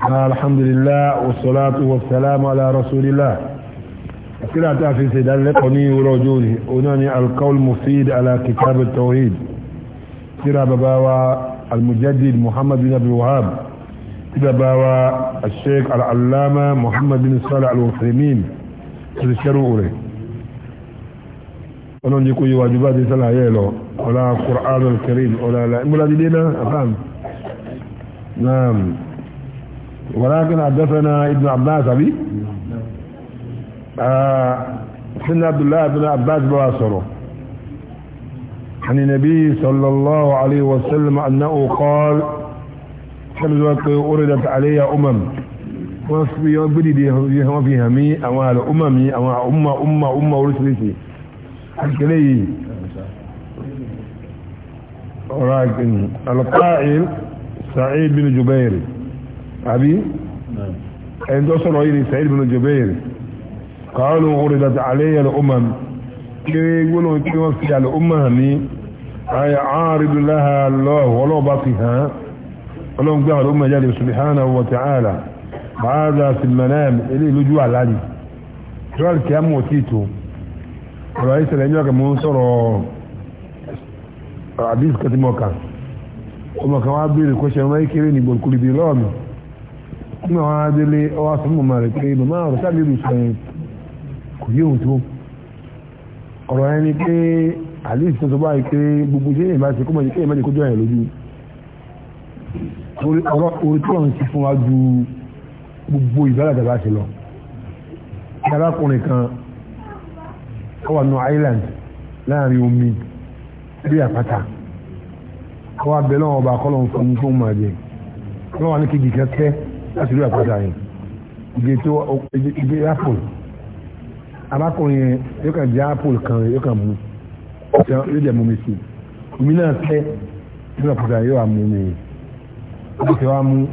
Ah, alhamdulillah wassalatu wassalamu ala rasulillah kíra tá a fi ṣe ìdánilẹ́kọ̀ọ́ ní ìwúrọ̀ ojú òní oná ni alkaul mufid ala kitab tawhid kíra bàbá wa almujaddid muhammad bin abdul wahab tí bàbá wa asheik al'allama muhammad bin salih al-usaimin tí ṣẹ́rù rẹ̀ ọlọ́run jẹ́ kó yẹ wájú bá ti sálàyé lọ ọlá qur'an al-karim ọlá ilá ìmúlá dídé náà ولكن حدثنا ابن عباس أبي سيدنا عبد الله بن عباس بواسره عن النبي صلى الله عليه وسلم أنه قال حمزة أردت علي أمم وفي يبدي هم في همي أمال أممي أما أمة أمة أمة ورسلتي حكي لي ولكن القائل سعيد بن جبير àbí ẹni tó sọ̀rọ̀ yìí ni Sa'id bin Jubair qalu uridat alayya al-umam kí gbóná kí wọ́n fi al-umam ní ayé àárídù láha lọ́wọ́ ọlọ́ọ̀bá fi hàn ọlọ́run gbé al-umam jáde subhanahu wa ta'ala bàádà sí manam ilé ìlójú àlàyé tíwáàlì kí á mú òtí tó kẹtìmọ̀ kan ọmọ kan wá béèrè kọ́ṣẹ́ wọn kéré ní gbòkúrìbì lọ́ọ̀mù tí màá wá délé ọwọ́ àti mọ̀mọ́ rẹ̀ pé màmá ọ̀rọ̀ sábẹ́ ìlú sọ yẹn kò yé òun tó ọ̀rọ̀ yẹn ni pé àlíṣ tó sọ báyìí pé gbogbo iṣẹ́ yẹn bá ṣe kó mọ̀ iṣẹ́ yẹn mẹ́jẹ kó jọ yẹn lójú orí tó ń ti fún wa ju gbogbo ìbálàdà bá ṣe lọ arákùnrin kan ó wà ní island láàrin omi bí àpáta ó wà bẹ́ẹ̀ lọ́wọ́ ọba kọ́lọ́ fún un fún un láti rí àpáta yẹn ìgbé tó ìgbé apple arákùnrin yẹn yóò kàn jẹ apple kan yóò kàn mú yóò jẹ mumi sí omi náà tẹ nínú àpáta yóò wà mú mi ó ti wá mú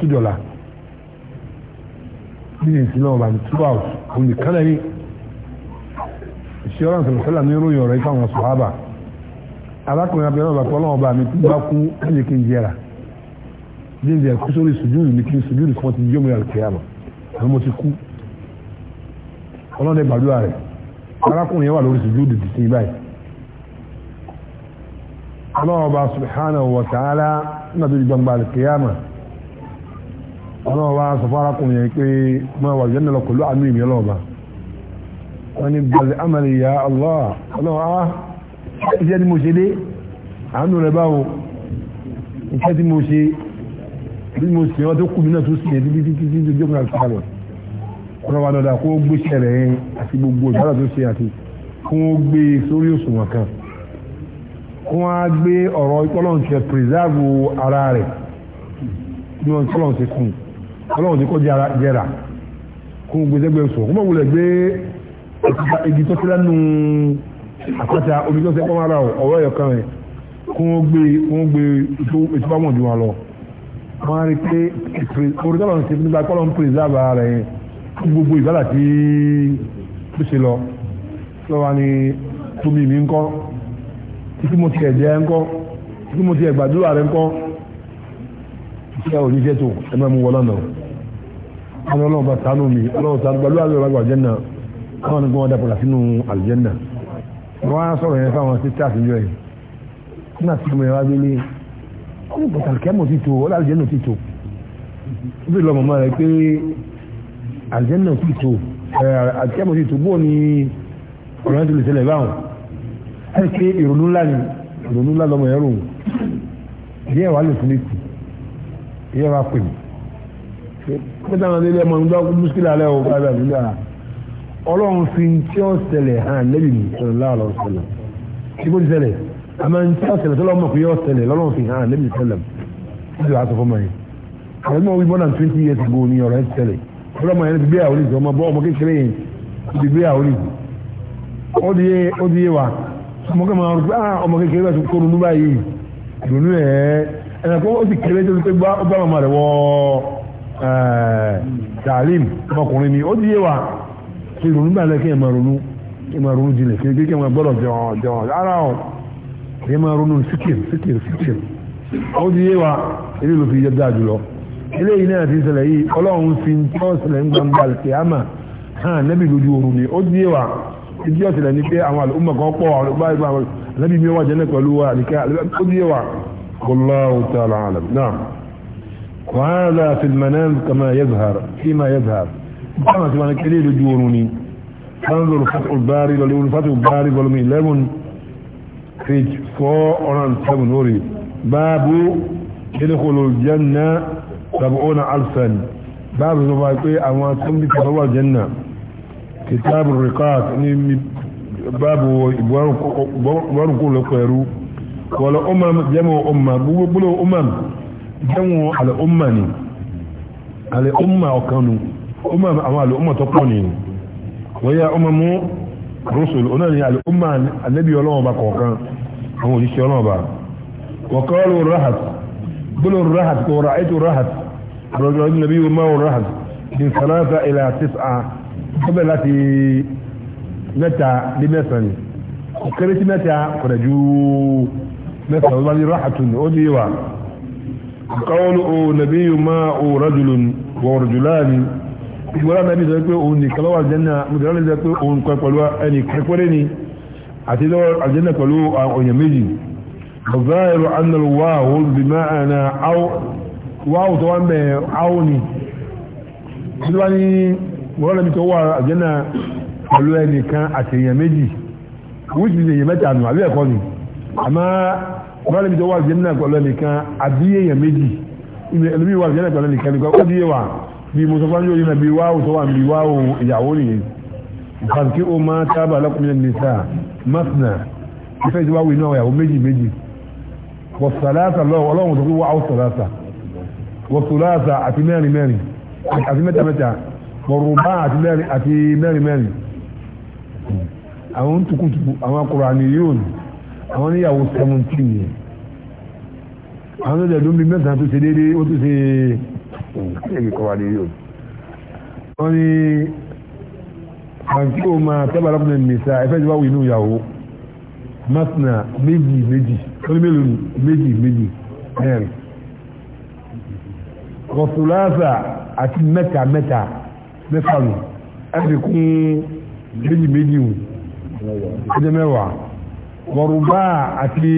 two dollar bíyẹnsì náà wà ní two hours òun nìkan náà ní ìṣẹ́ ọ̀rọ̀ àtàlùfẹ́lá ní ìròyìn ọ̀rọ̀ ìfáwọn sọ̀hábà arákùnrin abẹ́rẹ́ ọ̀bà pọ́lọ́wọ́ bá mi tó bá kú ẹ̀yẹ kí n jẹ́ra jíjẹ ẹ̀kú sórí sùjúdù ní kí sùjúdù fún ti yóò mú yàrá kìá mọ̀ àwọn mo ti kú ọlọ́dẹ gbàdúrà rẹ̀ arákùnrin yẹn wà lórí sùjúdù ti sin báyìí ọlọ́ọ̀ba subhanahu wa ta'ala nígbà tó di gbangba kìá mọ̀ ọlọ́ọ̀ba sọ fún arákùnrin yẹn pé máa wà jẹ́nà lọ pẹ̀lú àánú ìmì ọlọ́ọ̀ba wọ́n ní gbàlẹ̀ amàlì ya Allah ọlọ́ọ̀ba ah, iṣẹ́ tí mo ṣe dé àánú rẹ̀ báwo iṣẹ́ tí mo ṣe bí mo sì wọ́n tó kù mí náà tó sì yẹn títí títí títí tó jẹ́kùn àti àlọ́ kọ́nà wa dọ̀dà kó gbéṣẹ́ rẹ̀ yẹn àti gbogbo ìbára tó ṣe àti kó gbé e sórí òṣùwọ̀n kan kó wọ́n á gbé ọ̀rọ̀ ìkọlọ́ǹṣẹ́ pírísàvù ara rẹ̀ bí wọ́n kọlọ́ǹṣẹ́ kùn kọlọ́ǹṣẹ́ kó jẹrà kó gbé sẹ́gbẹ̀ẹ́ sọ̀ kó mọ̀ wulẹ̀ gbé igi tó tẹ́lẹ̀ nù àpáta omi tó sẹ́kọ̀ọ́ ara ọ̀wọ́ ẹ̀yọ̀ kan rẹ̀ kó wọ́n gbé ìtúbáwọ̀n jù wọn lọ wọ́n á rí pé orí tọ́lọ̀ ń ṣe nígbà kọ́lọ̀ ń pèsèlàbà rẹ̀ yẹn gbogbo ìbálà tí ó ṣe lọ lọ́wọ́ ni tómi mi ń kọ́ títí mo tiẹ̀ jẹ́ ń kọ́ títí mo tiẹ̀ gbàdúrà rẹ̀ ń kọ́ iṣẹ́ òní jẹ́ tó ẹ máa mú wọlé ọ̀nà àwọn ọlọ́run bá ṣàánú mi ọlọ́run sànú gbàdúrà rẹ̀ wàgbà jẹ́ náà káwọn ní kí wọ́n dàpọ̀ sínú àlùjẹ́ náà wọ́n á sọ̀rọ̀ yẹn fáwọn sí kó bọ̀tà kẹ́mọ̀ ti tó ọ̀là àlùjẹ́ náà ti tó ó bèèrè lọ́mọ máa rẹ̀ pé àlùjẹ́ náà ti tó àkẹ́mọ̀ ti tó bó ni ọ̀rọ̀ náà ti lè ṣẹlẹ̀ báwọn ẹ̀ pé ìrònú ńlá ni ìrònú ńlá lọ́mọ ẹ̀rọ díẹ̀ wà lè fún mi kù díẹ̀ wà pè mí pẹ́tà náà lélẹ̀ mọ̀ nígbà mùsùlùmí alẹ́ o bá bẹ̀rẹ̀ nígbà ọlọ́run fi ń tí ó ṣẹlẹ̀ hàn lẹ́yìn ìṣẹ̀lẹ̀ láàrọ̀ ṣẹlẹ̀ àmọ́ n tí ọ̀sẹ̀ lọ́wọ́ mọ̀ pé yọ ọ̀sẹ̀lẹ̀ lọ́wọ́ fi hàn lẹ́bi sẹ́lẹ̀m níbi wàá sọ fún ọmọ yẹn àwọn ọmọ wí more than twenty years ago ni ọ̀rọ̀ ẹ̀ sẹ́lẹ̀ ọlọ́mọ yẹn ti gbé àwọn olùsọ ọmọ bọ́ ọmọ kékeré yẹn ti gbé àwọn olùsọ ó di yé ó di yé wa ọmọ kẹ́ máa rò pé ah ọmọ kékeré bá ti kó ronú báyìí ronú ẹ̀ ẹ̀ kó ó sì kéré tó ti pé bá màmá rẹ̀ wọ́ eh, tàlím ọmọkùnrin ni ó di yé wa ṣe ronú báyìí kí ẹ máa ronú kí ẹ máa ronú jinlẹ̀ kí ẹ máa gbọ́dọ̀ jọ̀ọ̀ jọ̀ọ̀ ara ọ̀ ní máa ronú sikir sikir sikir ó di yé wa ilé ló fi yẹ dáa jùlọ eléyìí náà ti ṣẹlẹ̀ yìí ọlọ́run fi ń tọ́ ṣẹlẹ̀ ń gbangba kìámà hàn nẹ́bí lójú oorun ni ó di yé wa ìdí ọ̀ṣẹlẹ̀ ni pé àwọn àlùmọ̀ kan pọ̀ àwọn àlùmọ̀ kan nẹ́bí mi wà jẹ́nẹ́ pẹ̀lú wa àdìkẹ́ ó di yé wa. والله تعالى اعلم نعم وهذا في المنام كما يظهر فيما يظهر كما تبان كليل جوروني انظر فتح الباري ولون فتح الباري ولم page four hundred and seven lórí báàbù ìdíkòlò jẹ́nà sàbọ̀nà alfan báàbù sọ fún pé àwọn sọ́mbí sàbọ̀wà jẹ́nà kìtàbù rìkát ní báàbù ìbọ̀rùn kò lọ́kọ̀ ẹ̀rú wọ́n ọmọ jẹ́mọ̀ ọmọ gbogbo gbọ́dọ̀ ọmọ jẹ́mọ̀ àlẹ́ ọmọ ni àlẹ́ ọmọ ọ̀kanu ọmọ àwọn àlẹ́ ọmọ tó pọ̀ nìyẹn wọ́n yá ọmọ rusul ona ni al'umma annabi ọlọ́wọ́n ba kọ̀ọ̀kan àwọn òṣìṣẹ́ ọlọ́wọ́n ba wọ́kọ́lù rahat bulu rahat kò ra'aitu rahat rọ̀jọ̀ nabi umaru rahat bin sanata ila tis'a ọbẹ̀ láti mẹ́ta ní mẹ́sàn ni kéré sí mẹ́ta kọ̀dà ju mẹ́sàn ọba ní rahatun ó di wa kọ́lù nabi umaru rajulun wọ́n rajulani ìgbọ́lá nàbí sọ pé òun nìkan lọ́wọ́ àjẹ́nà mùsùlùmí sọ pé òun kan pẹ̀lú ẹnì kẹkọrẹ́ ni àti lọ́wọ́ àjẹ́nà pẹ̀lú ọ̀yàn méjì ọ̀záàrù annal wáhù bí máa na wáhù tó wá ń áwù ni tí wá ní wọ́n lẹ́bi tó wà àjẹ́nà pẹ̀lú ẹnì kan àti èèyàn méjì wíṣì ní ni àmọ́ wọ́n lẹ́bi tó wà àjẹ́nà pẹ̀lú ẹnì kan àbí èèyàn méjì ẹlòmíì wà àjẹ́nà pẹ̀lú ẹnì kan nìkan bí mo sọ fún yóò yìí bí wáwù tó wà bí wáwù ìyàwó nìyẹn ìfàǹkì ó máa tábà lọ́kùnrin nìsà masna ìfẹ́ ìjọba wù iná ìyàwó méjì méjì wọ̀sálàsà lọ́wọ́ ọlọ́run tó fi wá ọ̀sálàsà wọ̀sálàsà àti mẹ́rin mẹ́rin àti mẹ́ta mẹ́ta wọ̀rùbá àti mẹ́rin mẹ́rin àwọn tukutuku àwọn akọ̀rànì yóò ní àwọn níyàwó 17 yẹn àwọn ọjọ́ ìdúnbí mẹ́ta tó ṣe déédéé ó tó ṣe kíyèyí kọ́ wa lérí o. wọ́n ní àǹtí o máa tẹ́bà lọ́kùnrin nìsa ẹ̀fẹ́ ti wá wù inú ìyàwó masina méjì méjì wọ́n ní mélòó ni méjì méjì mẹ́rin kọ̀sùláṣà àti mẹ́ta mẹ́ta mẹ́fà nù ẹ̀fẹ̀ kún méjì méjì wù ọjọ́ mẹ́wàá wọ̀rùbá àti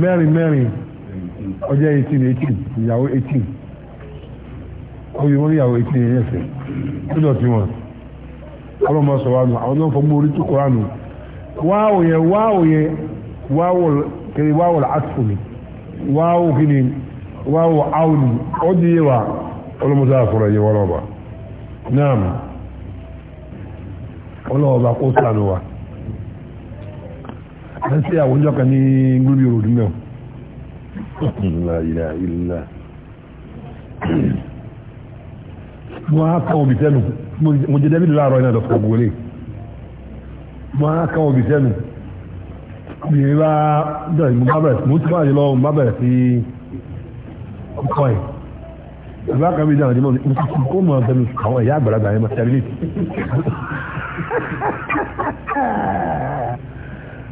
mẹ́rin mẹ́rin ọjọ́ 18 18 ìyàwó 18 oye wọ́n níyàwó etí ẹ̀yẹ ẹ̀sẹ̀ lọ́dọ̀ tí wọn ọlọ́mọ sọ wánu àwọn náà fọgbọ́n orí tó kọ́ránù wáwò yẹ wáwò yẹ wáwò kiri wáwò làásùfò mi wáwò kini wáwò áwùnì ó di yé wa ọlọ́mọ sọ àfọ̀rọ̀ yẹ wọ́n lọ́ba naam ọlọ́ọ̀ba kó sànù wa ẹ̀ ń ṣe àwọn kan ní gbúdúró dùn náà. la ilaha mo á kàn òbí sẹ́nu mo jẹ dẹ́bìlì láàárọ̀ iná lọ́sọ̀rọ̀ gbòòlè mo á kàn òbí sẹ́nu obìnrin bá dọ̀yìn mo bá bẹ̀rẹ̀ sí mo tún báyìí lọ́wọ́ mo bá bẹ̀rẹ̀ sí ọkọ ẹ̀ ìgbà kan mi dáhùn ní mo ní mo ti kó mọ̀ ọ́n àwọn ẹ̀yà àgbàlagbà yẹn máa ṣẹ́rí nìyí.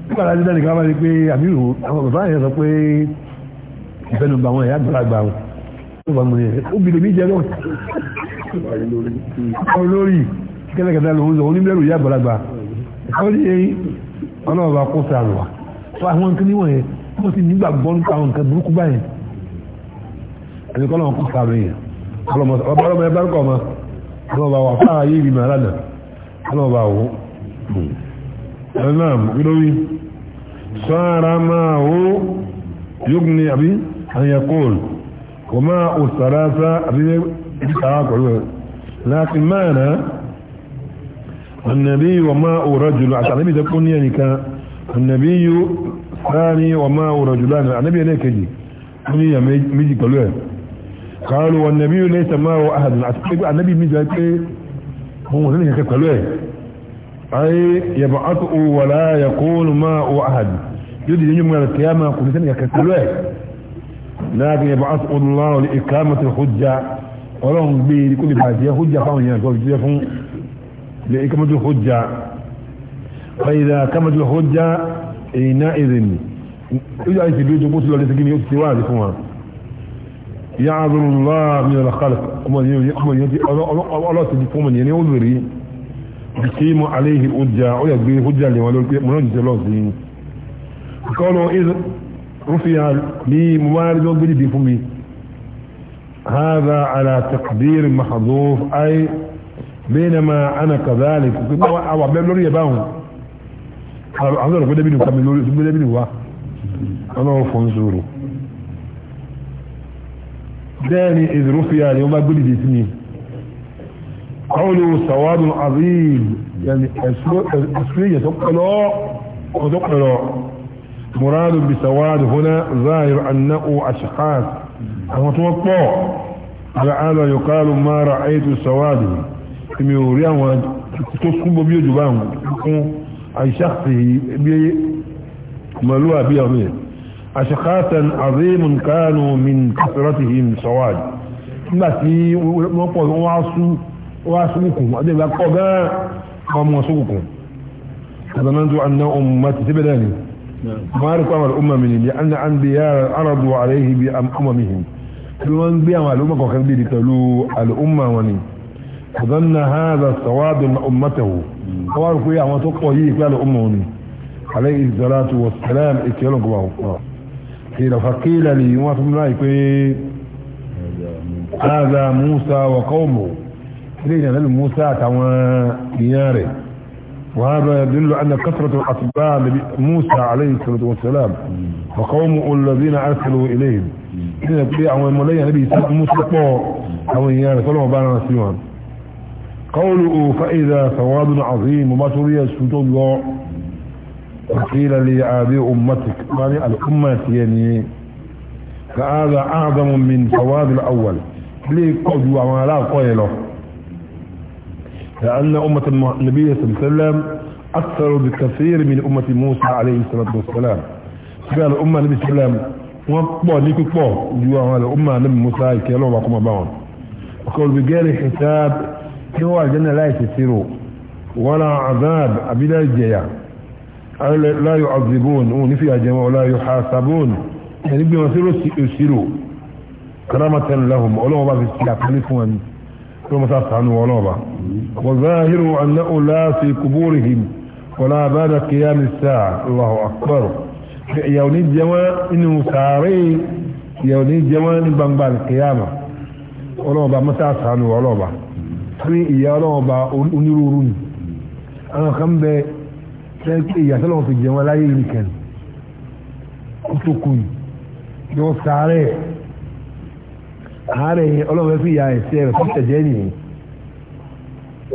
nígbà láti dáhùn nìkan bá rí pé àbíwò àwọn bàbá yẹn sọ pé ìfẹ́nu bá àwọn ẹ̀yà àgbàlagbà wọn ó bá mo ní ẹ̀ ó bìrì mi jẹ́ lọ́wọ́ olórí kẹ́lẹ́kẹ́lẹ́ lòun sọ onímọ̀lẹ́rù yá àgbàlagbà ẹ̀kọ́ ní eyín ọlọ́ọ̀bà kó sàrò wa àwọn nǹkan níwọ̀n yẹn wọ́n sì nígbàgbọ́ nípa àwọn nǹkan burúkú báyẹn ẹni kọ́ lọ́wọ́ kó sàrò yẹn ọba ọlọ́mọ ẹ bárúkọ ọmọ ọlọ́ọ̀bà wà fára yé ibi màálà nà ọlọ́ọ̀bà wò ẹ̀ náà لكن ما انا النبي وماء رجل النبي تكون يعني كان النبي ثاني وماء رجلان النبي ليك يجي كوني يعني ميجي كلوه قالوا والنبي ليس ما احد النبي ميجي هو هنا كلوه أي يبعث ولا يقول ما أحد يدي يوم القيامة قلت لك كلوه لكن يبعث الله لإقامة الحجة ọlọ́run gbé e kó lè bàjẹ́ hujja fáwọn èèyàn sọ̀rọ̀ jíjẹ́ fún lè ikamadu hujja fàyídà kamadu hujja èyíná ìrìn ìjọ àìsí bí ojogbó ti lọ lẹ́sẹ̀ gíní ó ti ṣe wáàdì fún wa ya azurula mi lọ kálí ọlọ́ọ̀tì di fún mi ní ó lè rí kí mo aléhi hujja ó yà gbé hujja lè wọn lórí pé mo náà jíjẹ lọ́ọ̀sì kọ́nà rúfin ní mo máa rí lọ́gbẹ́dìdì fún هذا على تقدير محظوظ أي بينما أنا كذلك أو أبيع لوري يباهم أحضر قد بيني وكمل لوري ثم بيني أنا أفهم داني إذ رفيا يوم أقول لي اسمي قوله سواد عظيم يعني أسرية تقلو وتقلع مراد بسواد هنا ظاهر أنه أشخاص àwọn tó wọ́n pọ̀ aláàlọ́ yọkálù mara àìtò sọ́wádì èmi ò rí àwọn tó súnbọ̀ bí òjò bá ń kún àìṣàkì bí màlú àbí ọ̀rẹ́ àṣàkátàn àrímùn kánù min kásìrọ́tìhìm sọ́wádì nígbà tí wọ́n pọ̀ wọ́n á súnkùn àdébà pọ̀ gan-an wọ́n mọ̀ súnkùn àdánà tó àná òun ti síbẹ̀ lẹ́yìn بارك على الأمة منهم لأن أنبياء عرضوا عليه بأممهم الأنبياء مع الأمة وكان دي لتلو الأمة وني فظن هذا الصواب من أمته وارك يا ما تقوى هي كلا الأمة وني عليه الصلاة والسلام اتيالك بها قيل فقيل لي ما تملايك هذا موسى وقومه إلينا نبي موسى تعوى نياره وهذا يدل أن كثرة الأطباء موسى عليه الصلاة والسلام وقومه الذين أرسلوا إليهم إن نبي موسى أو نسيوان قوله فإذا ثواب عظيم وما تريد سجود الله وقيل لي آبي أمتك يعني الأمة يعني فهذا أعظم من ثواب الأول ليه قدوة ولا قيله لأن أمة النبي صلى الله عليه وسلم أكثر بكثير من أمة موسى عليه الصلاة والسلام قال أمة النبي صلى الله عليه وسلم وقبوا ليكو قبوا أمة النبي موسى كيلو وقوم باون وقال بغير حساب هو الجنة لا يتسيروا ولا عذاب أبدا الجيا لا يعذبون ونفيها جماعة لا يحاسبون يعني بما يصيروا سيروا كرامة لهم ولو ما في السياق ثم تفعلوا ونوبة وظاهر أنه لا في قبورهم ولا بعد قيام الساعة الله أكبر يوني الجماع إنه ساري يوني الجماع بنبع القيامة ونوبة ما تفعلوا ونوبة ní ìyá ọlọ́ọ̀ba onírúurú ni àwọn kan bẹ tẹ́kí ìyá tọ́lọ́wọ́ fi jẹun aláyé yìí kẹ́ni ó tó kù ni yóò sáré àárẹ̀ yẹn ọlọ́run fi ìyá ẹ̀sẹ̀ rẹ̀ fún tẹ̀jẹ́ nìyí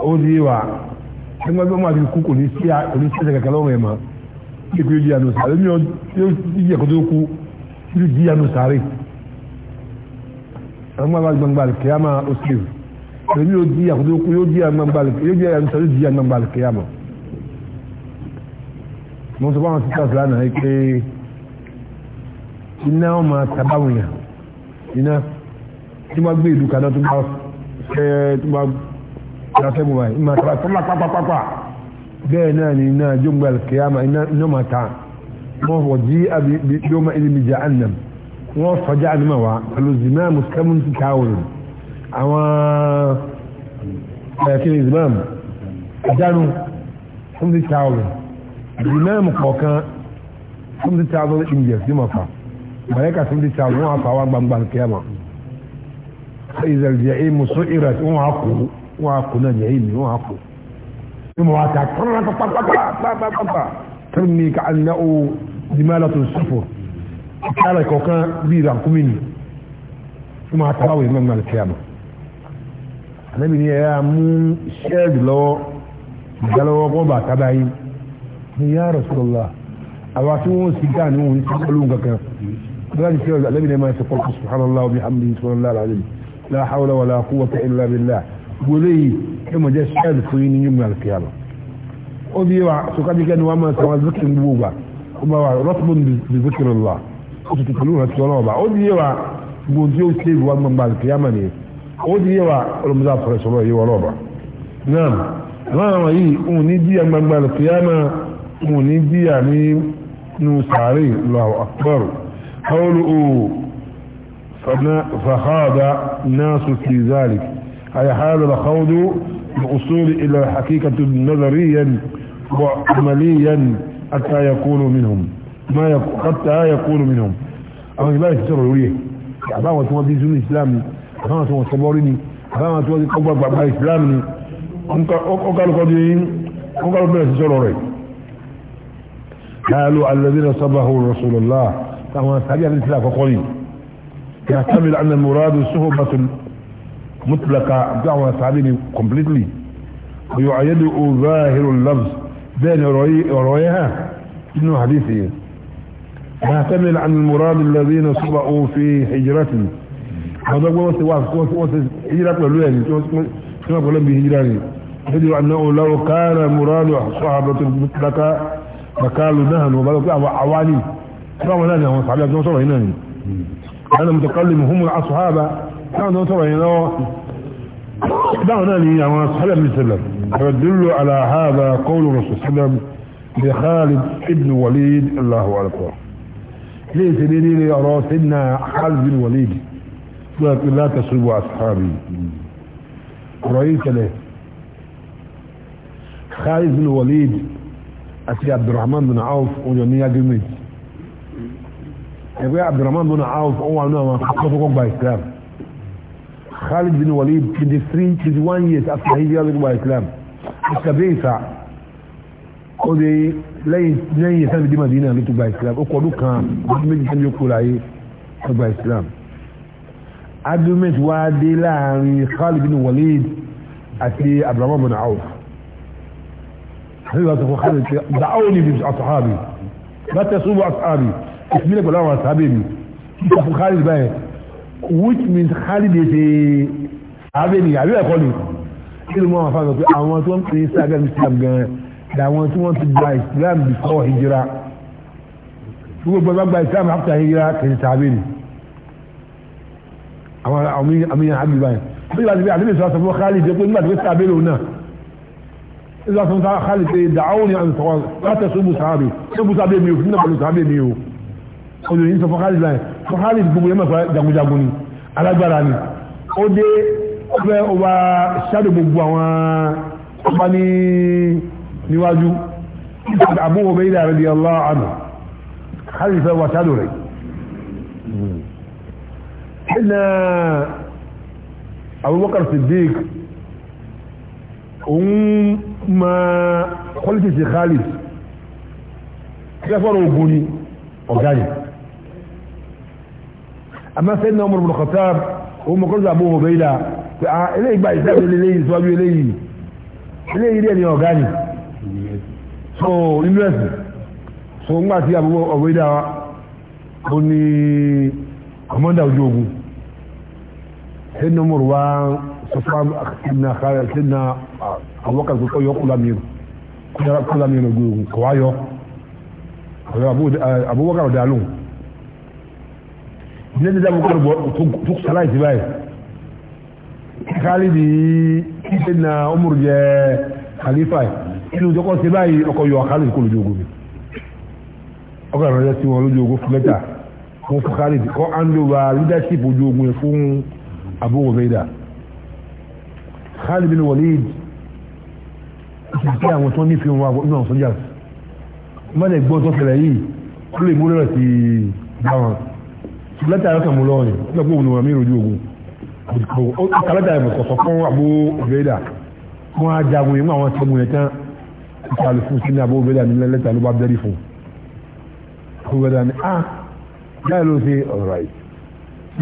ó di wa nígbà tí wọ́n máa fi kú kò ní sí oníṣẹ́sẹ̀ kẹ̀kẹ́ lọ́rùn ẹ̀ mọ́ kí kò di àná sàárẹ̀ mi ò di ẹ̀kọ́ tó kú kí di àná sàárẹ̀ àwọn máa bá gbangba kí á máa ó sì rẹ̀ mi ò di ẹ̀kọ́ tó kú yóò di àná sàárẹ̀ di àná gbangba kí á mọ̀ mo sọ fáwọn sísá sílá náà pé iná ọmọ tabawọn iná tí wọ́n gbé ìlú kaná tó bá fẹ́ tó bá lásẹ̀gùn báyìí ìmọ̀ àtàrà tó lápá pápápá bẹ́ẹ̀ náà ni iná jóńgbà kìyàmà iná máa ta wọ́n wọ̀ jí àbí yóò ilé mi jẹ́ ànàm wọ́n sọjá ànàmà wa pẹ̀lú zimá mùsùlùmí ti káwòrán àwọn ẹ̀kíni zimá ìjánu fún ti káwòrán zimá kọ̀ọ̀kan fún ti káwòrán ìjẹ̀ sí mọ̀fà mọ̀lẹ́kà fún ti káwòrán wọn àfà wọn gbangba kìyàmà ìzẹ̀lẹ̀ ẹ̀mú sọ ìrẹ̀ tí wọ́n á kó wọ́n á kó náà jẹ́ ẹ̀mí wọ́n á kó ní mo wá ta pápápápápápápá tẹ́lẹ̀ mi ká àná o jìmọ́lá tó sọ̀fọ̀ ìkárà kọ̀ọ̀kan bíi ìrànkúmí ni ní mo wá ta báwo ìmọ̀ ìmọ̀ àlùfẹ́ àmọ́ ànábì ni ẹ̀yà mú ṣẹ́ẹ̀dì lọ́wọ́ ìdálọ́wọ́ kọ́ bàtà báyìí ni yá Rasulullah àwọn tí wọ́n sì dáa ni wọ́n ń sọ́kọ́ lóhùn kankan báyìí ṣẹ́ẹ̀dì ànábì ni ẹ̀ máa ń sọ́kọ́ لا حول ولا قوة إلا بالله قولي كما جاء الشهد فيني يوم القيامة أبي سكادي كان وما سوى ذكر بوبا وما رطب بذكر الله وتتكلون الصلابة أبي بوزيو سيد وما بعد القيامة أبي رمضان رسول الله ورابع نعم láwọn yìí òun ní díà gbangba lùkìyàmà òun ní díà ní nù sàárè lọ àkọrù haúlù òun فخاض الناس في ذلك أي هذا الخوض بالاصول إلى الحقيقة نظريا وعمليا حتى يكون منهم ما يكون حتى يكون منهم أما لا يستروا ليه أباما توضي زون الإسلام أباما توضي صبوريني ما توضي قبر بابا إسلامي أقال قدين أقال بلا سسروا الوليه قالوا الذين صبحوا رسول الله كما سبيع الإسلام فقولين يحتمل أن المراد صحبة مطلقة دعوة تعليمي completely ويعيد ظاهر اللفظ بين روايها إنه حديثي يعتمد أن المراد الذين صبأوا في حجرة هذا هو هجرة الأولين كما قلنا بهجراني يدل أنه لو كان مراد صحبة مطلقة فقالوا نهن وبلغوا عواني فهو نهن وصحبه نصر أنا متكلم هم الأصحاب كانوا ترى هنا دعونا لي يا صحابة من سلم يدل على هذا قول الرسول صلى الله عليه وسلم لخالد ابن وليد الله أكبر ليس سيدي لي أرى سيدنا خالد بن وليد لكن لا تسلبوا أصحابي رئيس له خالد بن وليد أتي عبد الرحمن بن عوف وجميع جميل ẹgbẹ́ abdulrahman bin awf ọwọ́ àwọn àwọn akọ́kọ́ gba islam khalid bin walid twenty three twenty one years after hijira ló gba islam ìsàbẹ́yìsà ó de lẹ́yìn lẹ́yìn sábẹ́ di madina ló ti gba islam ó kọ́ ọdún kan ọdún méjì sábẹ́ kó láyé ó gba islam argument wá dé láàrin khalid bin walid àti abdulrahman bin awf هل يوافق خالد دعوني بأصحابي لا تصوبوا أصحابي ìsìnlẹ̀ pẹ̀lú àwọn sábẹ̀ mi ìsà fún Khalid báyẹn which means Khalid is a sábẹ̀ mi àbí ẹ̀kọ́ ni ìlú mọ́ àwọn afáàgbà pé àwọn tí wọ́n ti ní sáàgà ní Islam gan làwọn tí wọ́n ti gba Islam before hijira gbogbo ẹgbẹ́ gba Islam after hijira kìí sábẹ̀ mi àwọn àmìyàn àbí báyẹn bí wàá ti bí àdébẹ̀ sọ́wọ́ fún Khalid pé nígbà tí wọ́n sábẹ̀ lòun náà ìlú àtúntà Khalid pé dàáwó ni àwọn ìsọ̀wọ́ láti ẹ̀sùn bùsàbẹ̀ mi ò fún mi náà pẹ̀lú sàbẹ̀ mi ò olùyẹ ní sọ fọkàlì báyìí fọkàlì gbogbo yẹn mẹ́fà jagunjagun ni alágbára ni ó dé ọfẹ ọba ṣáàdù gbogbo àwọn ọba ní níwájú àbúrò bẹ́ẹ̀ ilẹ̀ àrẹ̀bí ọlá àná hàlì fẹ́ wà ṣáàdù rẹ̀ ẹ̀nà Abubakar Siddiq òun ma kọ́lítì sí Khalid ogun ni ọ̀gá yìí àmọ́ sẹ́yìn náà mọ̀rọ̀ Khattab òun mọ̀kọ́ lọ́dọ̀ àbúrò bẹ́ẹ̀ la pé à ah, eléyìí gba ìsìlámù eléyìí ìsọ́jú eléyìí eléyìí rí ẹni ọ̀gá ni so nínú so ń gbà sí àbúrò ọ̀bẹ́ dà wa ó ní kọ́mọ́ndà ojú ogun sẹ́yìn náà mọ̀rọ̀ wa sọ́fà sẹ́yìn àkàrà sẹ́yìn náà àwọn kan kò yọ kúlà mìíràn kúlà mìíràn ojú ogun kò wá yọ àbúrò àbúrò kàrọ̀ ní ẹni dábò kọ́rọ̀ tu tó sàláìsì báyìí káàlì ní ṣe na ọmọrù jẹ khalifa inú tó kọ́ sí báyìí ọkọ̀ yọ káàlì kó lójú ogun mi ọkọ̀ ìrànlẹ́ sí wọn lójú ogun fún mẹ́ta fún fún káàlì kọ́ andova leadership ojú ogun fún Abu Ubaida káàlì bin Walid ti kí àwọn tó nífẹ̀ẹ́ wọn àbọ̀ náà sọ́jà mọ́lẹ̀ gbọ́ tó fẹ̀lẹ̀ yìí ó lè múlẹ̀ sí báwọn lẹ́tà yẹn kàn mú lọ́wọ́ ni ó sọ pé òun ni wọ́n mi rojú ogun kàlẹ́tà yẹn kò sọ fún Abu Ubaida wọn á jagun yẹn mú àwọn tẹ́gun yẹn tán ìtàlù fún sínú Abu Ubaida ní lẹ́tà ló bá bẹ́rì fún Abu Ubaida ni ah báyìí ló ṣe ọ̀rọ̀ yìí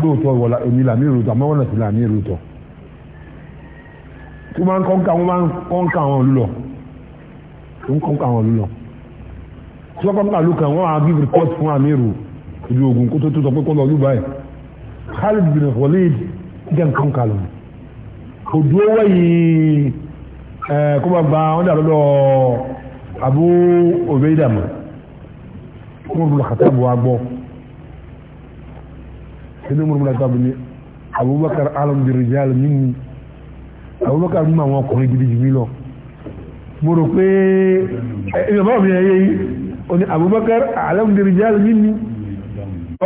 lóòótọ́ wọlá èmi làmì ìrù tọ́ àmọ́ wọn sì làmì ìrù tọ́ tí wọ́n máa ń kọ́ńkà wọ́n máa ń kọ́ńkà àwọn òlú lọ wọ́n kọ́ńkà àwọn òlú lọ tí wọ́n kọ́ńkà lù kàn wọ́n á bí rìpọ́t fún àmì ìrù ìlú ogun kó tó tó sọ pé kó lọ lù báyìí Khalid bin Walid jẹ́ nǹkan kalọ̀ kò dúró wẹ̀yìn ẹ̀ kó bá gba wọn dà lọ́dọ̀ Abu Ubaida mọ̀ kó mọ̀ lọ́kà tá a bọ̀ wá gbọ́ sínú mọ̀ lọ́kà tá ní Abubakar alam bi rijal minni Abubakar mú àwọn ọkùnrin gidi jù mí lọ mo rò pé ẹ̀ ẹ̀ ìyàbá mi ẹ̀ yẹ yìí ó ní Abubakar alam bi rijal minni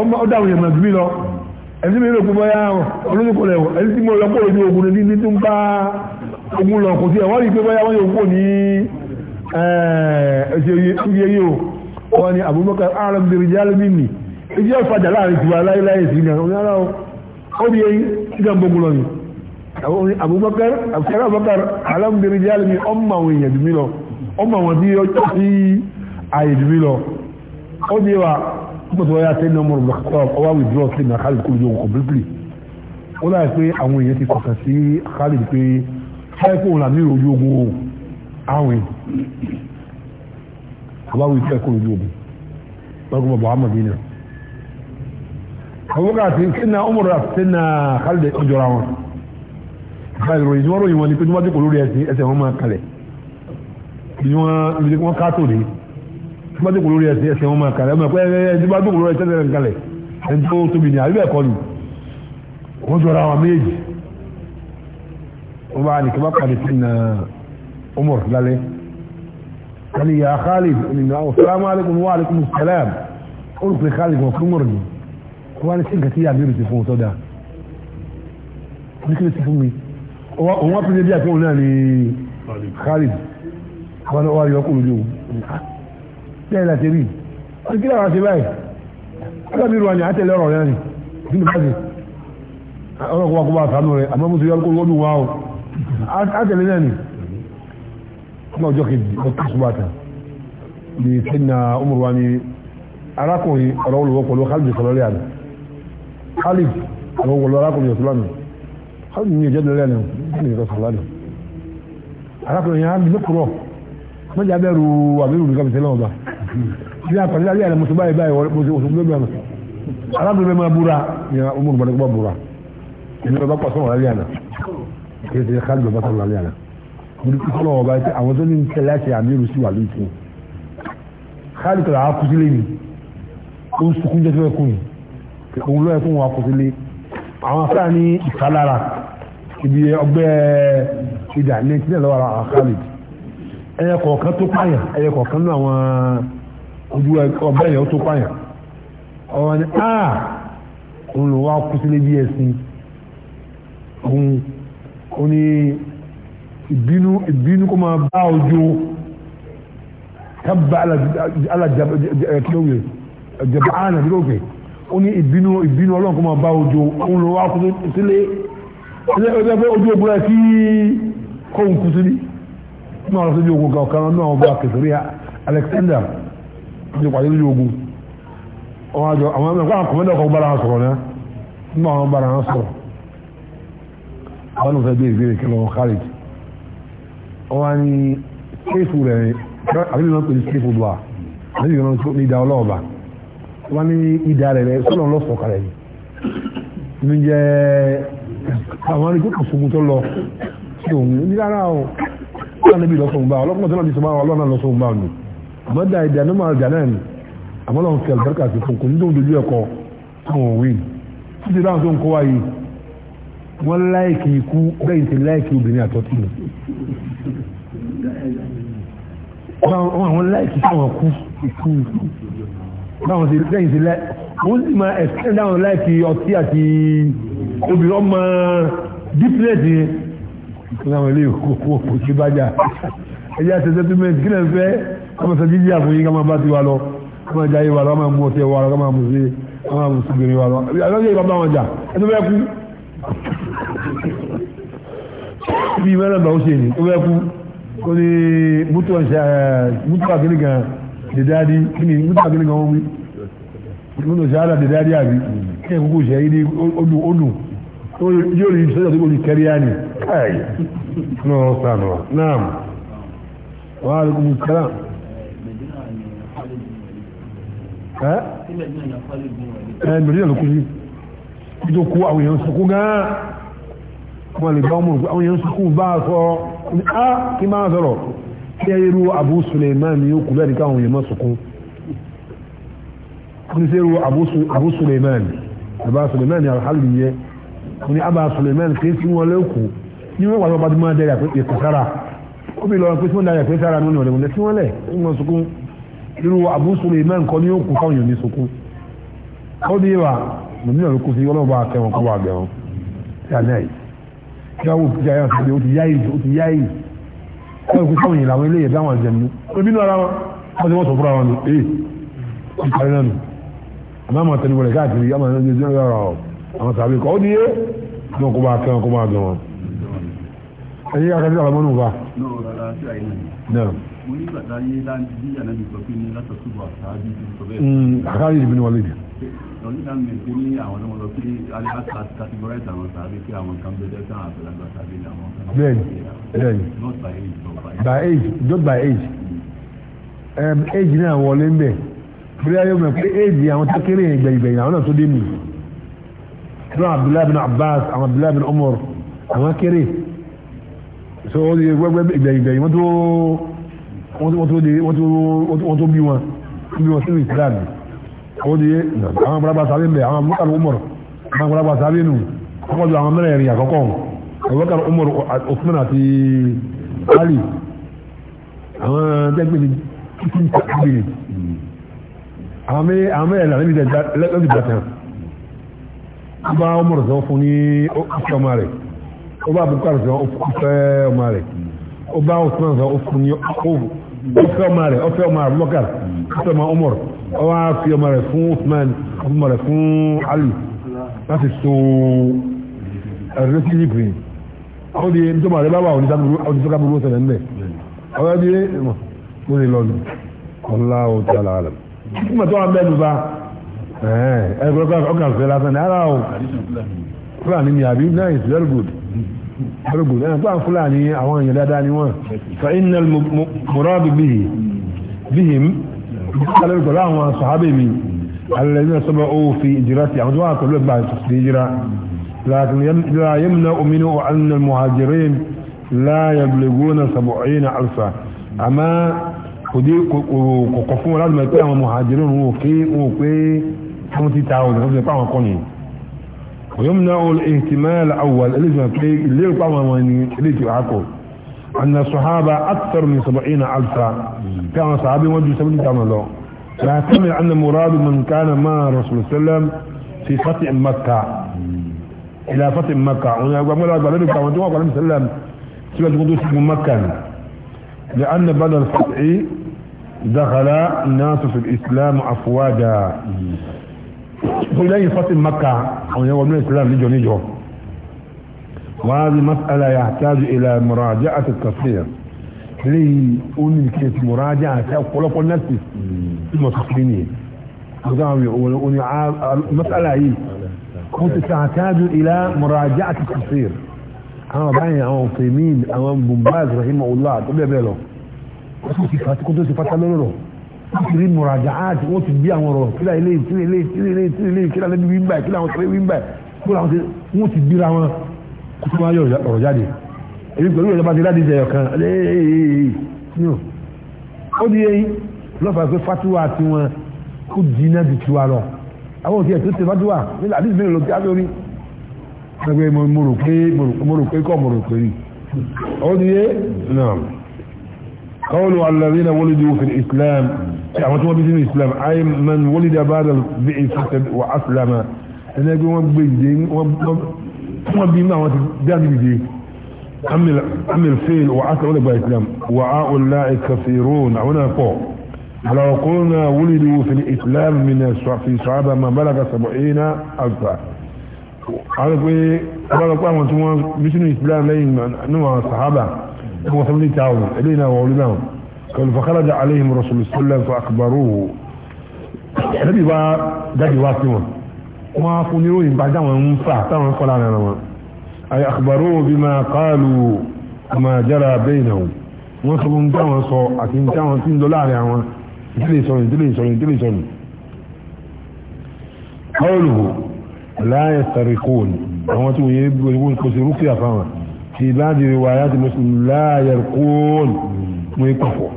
ọdọ àwọn èèyàn màdùmí lọ ẹni mi rò pé bọ́yá olóṣèkò rẹ̀ wọ̀ ẹni tí mo lọ kó ojú ogun ní ní tó ń bá ogun lọ kò sí ẹ̀wọ́n rí pé bọ́yá wọ́n yóò kó ní ẹ̀ẹ́dẹ̀yẹ o wọ́n ní Abubakar aram bèrè jálẹ̀ bí mi èyí yóò fàjà láàrin tiwa láyéláyé sí ní àwọn ará ó di eyín ìgbà gbogbo lọ ni Abubakar àfẹ́rẹ́ Abubakar aram bèrè jálẹ̀ mi ọmọ àwọn nígbàtí wọ́n yá sẹ́yìn náà mọ̀rọ̀ ọwọ́ withdraw sílẹ̀ náà Khalid kúrò yóò completely ó láì pé àwọn èèyàn ti kọ̀kan sí Khalid pé ṣáìpò òun làmì ojú ogun o àwìn ọwọ́ withdraw kúrò ojú ogun lọ́gbọ̀n bàbá Ahmadina àwọn wákàtí sẹ́yìn náà ọmọdé àti sẹ́yìn náà Khalid ọjọ́ra wọn báyìí ròyìn tí wọ́n wọn ni pé tí wọ́n tí bá dókòó lórí ẹsẹ̀ ẹsẹ̀ wọn máa kalẹ̀ ọmọ ẹ̀kọ́ ẹ̀ẹ́ tí bá dókòó lórí ẹsẹ̀ ẹsẹ̀ kalẹ̀ ẹni tó tóbi ní àríwẹ̀ kọ́ ni wọ́n jọra àwọn méjì wọ́n bá ní kí wọ́n pàdé sí na Umar lálẹ́ wọ́n yà Khalid nínú àwọn salamu alaykum wa alaykum salam ó rò pé Khalid wọn fún Umar ni wọ́n ní sí nǹkan tí ti fún ọ̀tọ́ da ní kí ló ti fún mi òun wá pínlẹ̀ bí àtúnwò náà ni Khalid wọ́n ní wọ́n yọ ọkùnrin ní òun bẹ́ẹ̀ la ṣe rí ọdún kí làwọn ṣe báyìí ọlọ́bí ìrù àyàn àtẹ̀lẹ́ ọ̀rọ̀ rẹ̀ ni kí ni bá ṣe ọlọ́kọ̀ wa kó bá sànú rẹ̀ àmọ́ mo ti yọ kó wọ́n dùn wá o àtẹ̀lẹ́ náà ni ọmọ ọjọ́ kejì ọkọ̀ ṣùgbọ́ta ni sẹ́yìn Umar wa ni arákùnrin ọ̀rọ̀ olùwọ́ pẹ̀lú khalid sọlọ́lẹ́ àná khalid ọ̀rọ̀ olùwọ́ arákùnrin ọ̀sọ́lọ́nù khalid ni ìjẹ́ lọ́lẹ́ arákùnrin yẹn á ilé àpàdé alẹ́ àlẹ́ mùsùlùmí báyìí báyìí wọ́n mùsùlùmí bẹ́ẹ̀ bẹ́ẹ̀ mọ̀ alábìrin bẹ́ẹ̀ máa búra ní ọmọ ògbọ́n gbọ́ búra ìlú ọba pọ̀ sọ́wọ́n alẹ́ àná kí ẹsẹ̀ ká lọ́ba sọ́wọ́n alẹ́ àná mo ní kíkọ́ lọ́wọ́ báyìí àwọn tó ní ń tẹ̀lé àti àmì ìrùsí wà lóyún fún káàdì kọ̀ọ̀lá akutile ni ó ń sunkún jẹ́ fẹ́ kún òun ibi ọgbẹ́ ìdá ní ìtìlẹ̀ lọ́wọ́ àwọn káàdì ẹ̀yẹ kọ̀ọ̀kan tó pààyàn ẹ̀yẹ kọ̀ọ̀kan náà àwọn ojú ọbẹ̀ yẹn ó tó pààyàn ọwọ́ ni a ah! òun ló wá kú sílé bí ẹ̀sìn òun ó ní ìbínú ìbínú kó máa bá ojú tábà alájàbáyé jẹba ànà bí lóògbé ó ní ìbínú ìbínú ọlọ́run kó máa bá ojú òun ló wá kú sílé ilé ọjọ́ pé ojú ogun ẹ̀ kí kóhun kú sílé náà lọ sí ojú ogun kan náà ọba kẹsìrí Alexander ní pàdé lójú ogun ọwọ́ àjọ àwọn ọmọ ẹ̀kọ́ àkọ́mọ́dé ọkọ̀ bára wọn sọ̀rọ̀ náà nígbà wọn bára wọn sọ̀rọ̀ àwọn ọ̀fẹ́ bí ìbéèrè kí lọ kárìt ọwọ́ ni séèfù rẹ̀ àbílẹ̀ náà pèsè séèfù bá àbí ìgbà náà ní ìdá ọlọ́ọ̀bà wọ́n ní ìdá rẹ̀ sọ́nà lọ́sọ̀ kalẹ̀ ni ní jẹ́ àwọn arìnrìn kò sókun tó lọ sí ní rárá o wọ́n ní bí lọ́sọ̀ ń bá ọlọ́pàá tó náà bá ọlọ́run náà lọ́sọ̀ ń bá ọ̀nà àmọ́ da ìdá ní máa gà náà ni àmọ́ lọ́n fi àlùbáríkà sí fún kò ní tóun dojú ẹ̀kọ́ táwọn òwe títí dáhùn tó ń kọ́ wáyé wọ́n láìkì ikú bẹ́ẹ̀ ti láìkì obìnrin àtọ́tì ni wọ́n àwọn láìkì táwọn kú ikú báwọn ti lẹ́yìn ti láì wọ́n sì máa ẹ̀sìn dáhùn láìkì ọtí àti obìnrin ọmọ dípìlẹ̀tì yẹn wọ́n àwọn ilé ìkókó òkú sí bájà ẹ̀yà tẹ̀sẹ̀ tó mẹ́rin kọ́mọ̀ sọ jíjí àfún yín kọ́mọ̀ bá ti wà lọ kọ́mọ̀ já yé wà lọ kọ́mọ̀ mú ọtí wà lọ kọ́mọ̀ mú sí kọ́mọ̀ mú sùgbìrì wà lọ àlọ́jọ́ ìbá bá wọn jà ẹni bẹ́ẹ̀ kú bí mẹ́rin bá ó ṣe ní ó bẹ́ẹ̀ kú ó ní mútu àkíní kan dèdáàdì kí ni mútu àkíní kan wọ́n wí mútu ṣáádà dèdáàdì àbí kí ẹ̀ kúkú ṣe é ní odùn odùn yóò rí sọ́jà tó kò ní kẹ́rí ánì káyì náà sànù náà wàhálà kúkú kẹ́rà. ẹ mẹdínà ló kú sí ìjọ kú àwọn èèyàn sunkún gan wọn lè gbá ọmọ rẹ àwọn èèyàn sunkún bá a sọ a kí máa sọ̀rọ̀ kí ẹ irú Abu Suleiman ni yóò kú bẹ́ẹ̀ ni káwọn èèyàn má sunkún kí ni sẹ irú Abu Suleiman Abu Suleiman ni alhali yẹ kí ni Abu Suleiman kì í sí wọn lẹ́kọ̀ọ́ ní wọn wà lọ́ba tó máa dẹ́rẹ́ àpèsè sára ó bí lọ́wọ́ pé tí wọ́n dẹ́rẹ́ sára ní wọn lẹ́kọ̀ọ́ tí wọ́n lẹ̀ ń mọ̀ irú Abu Suleiman nǹkan ní òkú káwọn èèyàn ní sunkún ó ní ìwà mùmí ọ̀rọ̀ kú sí ọlọ́ọ̀bá akẹ́wọ̀n kọ́ bá gẹ̀wọ̀n tí a náà yìí tí a wò tí a yà sí pé ó ti yá yìí o ti yá yìí ó kú káwọn èèyàn làwọn eléyè dáwọn àjẹmú ó bínú ara wọn wọ́n ti wọ́n sọ fúnra wọn ni ee ó ti parí nánu àmọ́ àwọn àtẹnugbọ̀ rẹ̀ káàkiri àwọn sàbẹ̀ kọ́ ó ní yé náà kó bá akẹ́wọ̀n kó bá gẹ̀wọ̀n ẹ̀yìn akẹ́kọ̀ọ́ mo nígbà tá a yé láti bí ànábì sọ pé ní látọ̀túbọ̀ àtàbí ti sọ bẹ́ẹ̀. àkárí ìbínú wọlé ni. lọ́ní náà mi pé ní àwọn ọmọ lọ pé alága categorize àwọn sàbí pé àwọn kan bẹ́ẹ̀ tán àgbàlagbà sàbí ni àwọn kan. bẹ́ẹ̀ni bẹ́ẹ̀ni not by age but by age. by age just by age. Um, age náà wọlé ń bẹ̀ bí a yóò pé age àwọn tó kéré yẹn gbẹ̀yìngbẹ̀yìn àwọn náà tó dé mi. Ibn Abdullahi bin Abbas, Abdullahi bin Umar, àwọn kéré. So, ó di gbẹgbẹ gbẹ̀yìngbẹ̀yìn wọ́n tó wọ́n tó bí wọn bí wọn sínú ìsìlá mi ó di àwọn abúlábà sábẹ́ mbẹ àwọn abúlábà umar àwọn abúlábà sábẹ́ nù wọ́n lọ àwọn mẹ́rẹ̀ ìrìn àkọ́kọ́ abúlábà umar osman àti ali àwọn tẹ́gbẹ́ ni títí ìsàkúbìrì àwọn mẹ́rẹ̀ ìlànà níbi lẹ́bí bàtàn ó bá umar sọ fún ní ọkọ̀ ọmọ rẹ̀ ó bá abúlábà sọ fún ọmọ ní ọkọ̀ ọfẹ ọmọ rẹ̀ ọfẹ ọmọ abubakar ọfẹ ọmọ umar ọwọ afi ọmọ rẹ̀ fún usman ọmọ rẹ̀ fún ali láti so relationship yìí ọwọ di ntọ́ ma rẹ bá wà òní sábà burú sẹlẹ̀ ńlẹ̀ ọwọ di mo lè lọ nù ọlá ọjà làálẹ̀ kíkùmọ̀ tó wà bẹ́ẹ̀ ló bá ẹ̀ ẹ̀ ọkàn fẹ́ lásán ní ara o fúlàní ni àbí náà is very good arógùn náà bá fúlàní àwọn èèyàn dáadáa ni wọ́n fa iná mùrábì bíi bíi kálẹ̀ pẹ̀lú àwọn sàábẹ̀ mi alẹ́lẹ́yìn sọ́bà ó fi ìjìrá sí àwọn tó wà pẹ̀lú ẹgbà sí ìjìrá láàyè mìíràn omínú ọ̀hánà muhajirin láàyè gbogbo sàbọ̀ọ́yìn alfa àmá kò dé kọ̀kọ̀ fún wọn láti mọ̀ àwọn muhajirin wọn ò pé 70,000 wọ́n fi pé àwọn kọ́ni ويمنع الاهتمال اول اللي في الليل طبعا اللي تعاقب ان الصحابه اكثر من 70 الفا كان صحابي وجه 70 كان له فاعتمد ان مراد من كان مع الرسول صلى الله عليه وسلم في فتح مكه الى فتح مكه ويقول قال لك كما تقول صلى الله عليه وسلم سوى تقول اسم مكه لان بعد الفتح دخل الناس في الاسلام افواجا lẹ́yìn fásitì maka àwọn yẹn wọnú ìsìlámù níjọ níjọ wàhálì masala yahtaju ila muraja'ati kafir eléyìí ó ní kéèsì muraja àti ọ̀pọ̀lọpọ̀ nẹ́ẹ̀sì tí mo sọ fún mi ọjọ́ àwọn yòówó ó ní ah, ah, masala yìí kò ti yahtaju ila muraja'ati kafir àwọn báyìí àwọn fèmíìn àwọn bumbaz rahimahullah tó bẹ́ẹ̀ bẹ́ẹ̀ lọ ó sì fi fàtí kó tó ti fàtà lọ́rọ̀ kiri muraja aati wọ́n ti bí àwọn ọ̀rọ̀ kílà ilé kílà ilé kílà ilé kílà ilé kílà ilé wíńbà kílà àwọn kílà wíńbà kílà àwọn wọ́n ti bíra wọn kó tó máa yọ ọ̀rọ̀ jáde èmi pẹ̀lú ìjọba ti láti jẹyọ kan ó di eyín lọ́fà pé fatuwa tiwọn kó jiná ju tiwa lọ àwọn òkè tó ti fatuwa nílẹ̀ àdìsí mi lò kí á lórí ẹgbẹ́ mo rò pé mo rò pé kọ́ mo rò pé rí ó di eyín náà kọ́ọ̀lù alladhina wulidu fil islam àwọn tí wọ́n bí sínú islam ayé man wọlé dá bá dàl bí i sọ́tẹ̀ wà á sílámà ẹni ẹgbẹ́ wọn gbé ìdè wọn bí inú àwọn ti dáàbì ìdè amil fail wà á sọ wọlé gba islam wà á ọ̀la ìkàfẹ́rún àwọn náà pọ̀ على قولنا ولدوا في الإسلام من في صحابة ما بلغ سبعين ألفا عارف ايه قال قام انتم مش الاسلام لين نوع الصحابه هو 80 تعاون الينا وولدناهم قال فخرج عليهم رسول الله صلى الله عليه وسلم فأخبروه ẹ̀rẹ́bì bá jáde wá sí wọn wọ́n á fún níròyìn bá jáwọn ń fà táwọn kọ́lá rẹ̀ wọn àyè àkùbárò bí máa káàlù máa jára bẹ́ẹ̀ náà wọ́n sọ fún jáwọn sọ àti jáwọn tí ń lọ láàrin àwọn ìdílé sọ̀rọ̀ ìdílé sọ̀rọ̀ ìdílé sọ̀rọ̀ káwọlù láyé sàríkóòlù àwọn tí wọ́n yẹ kó sí rúkìá fáwọn في بعض روايات مسلم لا يرقون ويكفوا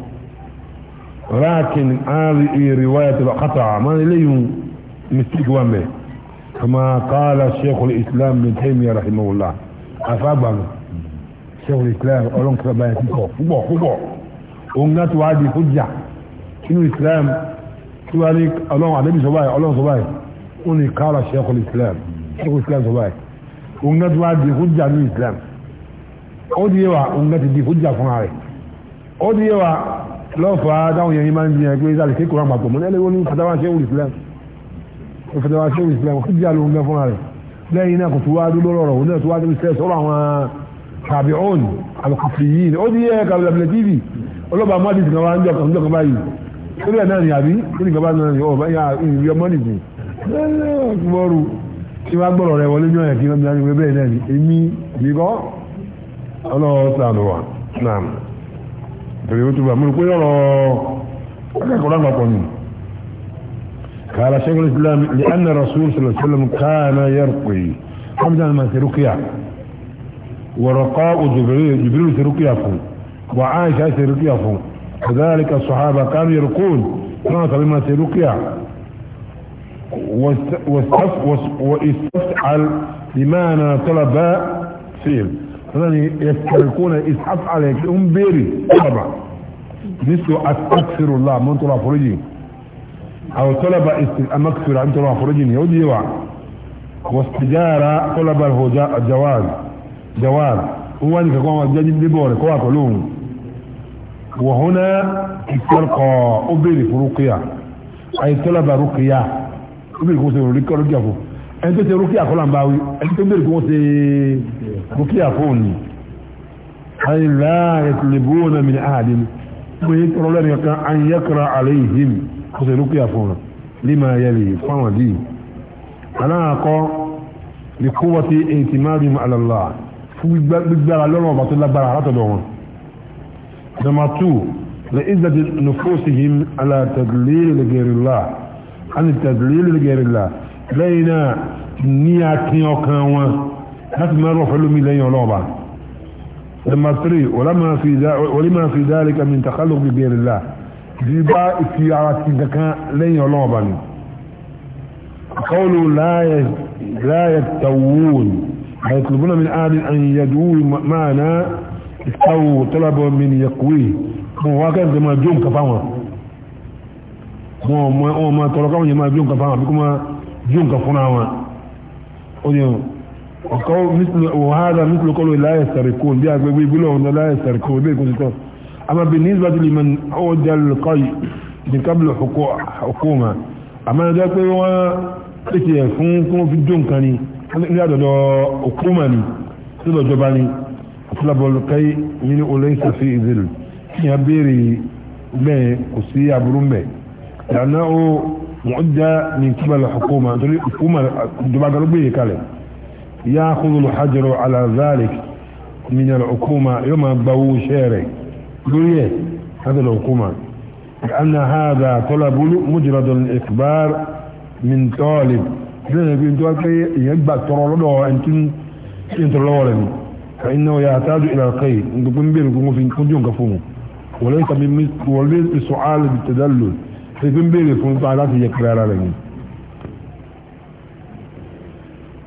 لكن هذه رواية القطع ما إليهم مستيك وامه كما قال الشيخ الإسلام من تيمية رحمه الله أفابا الشيخ الإسلام أولون كبايتي فبو فبو ونات وادي فجع شنو الإسلام شو عليك أولون عدبي صباي أولون صباي وني قال الشيخ الإسلام الشيخ الإسلام صباي ونات وادي فجع من الإسلام ó di yẹwà òun gẹ́gẹ́ ti di ìfúnjà fúnra rẹ̀ ó di yẹwà lọ́fà dáhùn yẹn máa ń di ẹgbẹ́ ìsàlẹ̀ kí kòrán pàtó mọ́ ní ẹlẹ́wọ́n ní fatawa ṣe wùlì islam fatawa ṣe wùlì islam ó di yà lóun gẹ́ fúnra rẹ̀ lẹ́yìn náà kò tó wá dúró lọ́rọ̀ òun náà tó wá dúró sẹ́ sọ́rọ̀ àwọn tàbí ọ̀n àlùkùfì yìí ó di yẹ kàbílẹ̀ tv ọlọ́ba mọ́tì ti kàwá ń jọ kàn báyìí torí ẹ̀ náà ni àbí ó ní kàbá náà ni ọ̀ báyà ìrì ọmọ nìkú bọ́ọ̀rù tí wọ́n gbọ́rọ̀ rẹ̀ wọlé ní ọ̀yà kí wọ́n bí wọ́n bẹ́ẹ̀ náà ni èmi ìgbọ́ قال شيخ الإسلام لأن الرسول صلى الله عليه وسلم كان يرقي حمدا ما سرقيا ورقاء جبريل جبريل سرقيا فوق وعائشة سرقيا فوق كذلك الصحابة كانوا يرقون كانوا بما سرقيا واستفعل لمعنى طلب فيل sọ́nàni yẹ̀sẹ̀kọ́nà ìsàfàlẹ̀ ń bèèrè ọ̀bà nísò àtàkìrùlá mọ́ tọrọ àforíjì àwọn tọ́lábà àmàkìrà ń tọrọ àforíjì ni ó di wa wọ́sìjára tọ́lábà jawar jawar ó wá ní kankan wọn jẹ́ níbọ̀ rẹ̀ kọ́wà pẹ̀lú òun wọ̀hún náà ìfẹ́kọ̀ ó bèèrè fún rúkìá àyè tọ́lábà rúkìá ó bèèrè kó ṣe rúkìá fún ẹni tó ṣe rúkìá kọ́lá ń báwí ẹni tó bèèrè kó ṣe dúkìá fóònù àìláàrẹ̀ tìlébóònà mi ní àádìí pé tọrọlẹ́ nìkan àyẹ́kọ̀rọ̀ àlẹ́yìn kò sí dúkìá fóònù lima yẹlẹ̀ fáwọn dì aláàkọ́ ní kówọ́tí èyí ti máa rí mu àlọ́lá fún gbígbára lọ́rọ̀ ọ̀bà lágbára látọ̀dọ̀ wọn number two لإذة نفوسهم على تدليل لغير الله عن التدليل لغير الله لينا نياتي وكان láti máa rọ̀ pẹ̀lú mi lẹ́yìn ọlọ́ọ̀bà number three wàlímà fi dhalika min takhalluq bi ghayrillah bí bá ìfi ara ti kankan lẹ́yìn ọlọ́ọ̀bà ni qawlu la yastawun يطلبون من آدم أن يدعوه معنا استووا طلبوا من يقويه mo wá kẹ́kẹ́ máa jó nǹkan fáwọn wọn ò máa tọrọ káwọn yẹn máa jó nǹkan fáwọn àbíkú máa jó nǹkan fúnra wọn ó yẹn وهذا مثل قوله لا يسترقون دي أقول بيقولون لا يسترقون بيقول كتاب أما بالنسبة لمن عود القي من قبل حكومة أما ذاك هو إتي فنكم في الجنكني هذا ده حكومة هذا جباني طلب القي من أليس في ذل يبيري به قصي عبرون به لأنه معدة من قبل الحكومة تقول الحكومة جبان قالوا به كلام ياخذ الحجر على ذلك من الحكومة يوم بو شيري ليه هذا الحكومة لأن هذا طلب مجرد الإخبار من طالب يجب فإنه يحتاج إلى القيد نقوم في وليس بسؤال بالتدلل في كنبيركم فعلات يكرار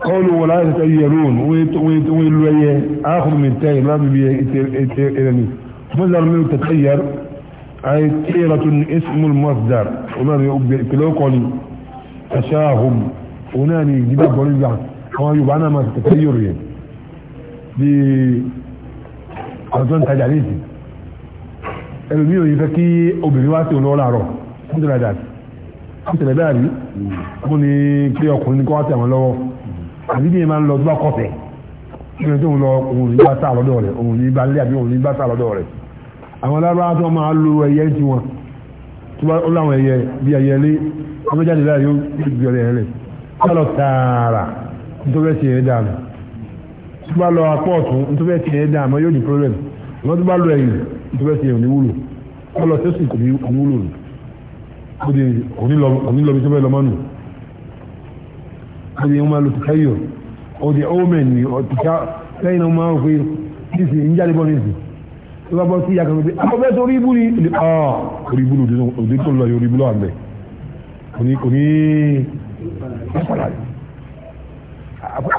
قولوا ولا تتأيرون ويلو ايه اخذ من تاي ما بي اتيرني مصدر منه تتأير اي تيرة اسم المصدر وناني بلوكولي تشاهم وناني جباب وليجا هو يبعنا ما تتأير يعني دي أظن تجعليتي ẹlòmí ò yí fẹ́ kí obìnrin wá sí olówó làárọ̀ ó ti rà dàbí ó ti rà dàbí ó ní kí ọkùnrin kọ́ wá sí àwọn lọ́wọ́ àbí bí ẹ máa ń lọ gbọ́ kọfẹ́ ìrìn tó ń lọ òun ní bá sá lọ́dọ̀ rẹ̀ òun ní bá lé àbí òun ní bá sá lọ́dọ̀ rẹ̀ àwọn alára tó máa lo ẹyẹ ti wọn tó bá láwọn ẹyẹ bí ẹyẹ lé ọmọjáde láàyè ó gbé ọrẹ rẹ kálọ tààrà nítorí ẹsẹ ẹ dànù tó bá lọ apọ̀ ọ̀tún nítorí ẹsẹ ẹ dànù yóò ní problem àwọn tó bá lọ ẹyìn nítorí ẹsẹ ẹ ò ní wúlò kálọ ọdí ọmọ lọ tẹyọ ọdí ọmọmẹn ni ọtìkà lẹ́yìn ọmọ àwọn òfin níìsì ń jáde bọ níìsì tó bá bọ sí ìyá kan pé abọbẹ sọ orí ibú ni ilé ọ orí ibú ni òde tó lọ yọ orí ibú lọ àgbẹ òní òní ìpàdà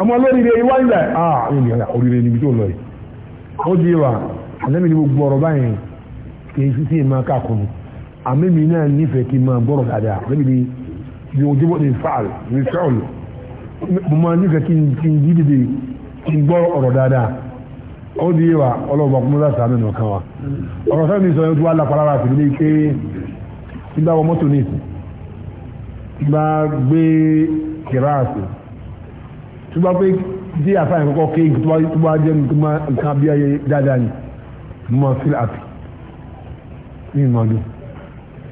àmọ́ lórí ilé wáyé rẹ ah orí ilé níbi tó lọ yìí ó di wa àlẹ́mi ni gbogbo ọ̀rọ̀ báyìí kì í sísè máa káàkùnrin àmì mi náà nífẹ̀ẹ́ kí n máa gbọ́rọ̀ dáadáa àlẹ́mi ni yóò débọ̀ ní fáàlì ní fẹ́ọ̀lù mo máa nífẹ̀ẹ́ kí n kí n yí dìde kí n gbọ́ ọ̀rọ̀ dáadáa ó di yé wa ọlọ́ọ̀bà kún mọ́tà sàánù nù kan wa ọ̀rọ̀ sẹ́ni sọ yẹn tó wà lápalára àti ilé ike tí bá wọ mọ́tò ní ìsìn tí bá gbé kìráàsì tí bá pé dí àfáàyàn kọ́kọ́ ké tó bá jẹ́ nǹkan bí ayé dáadáa ni mo máa feel happy ní ìmọ̀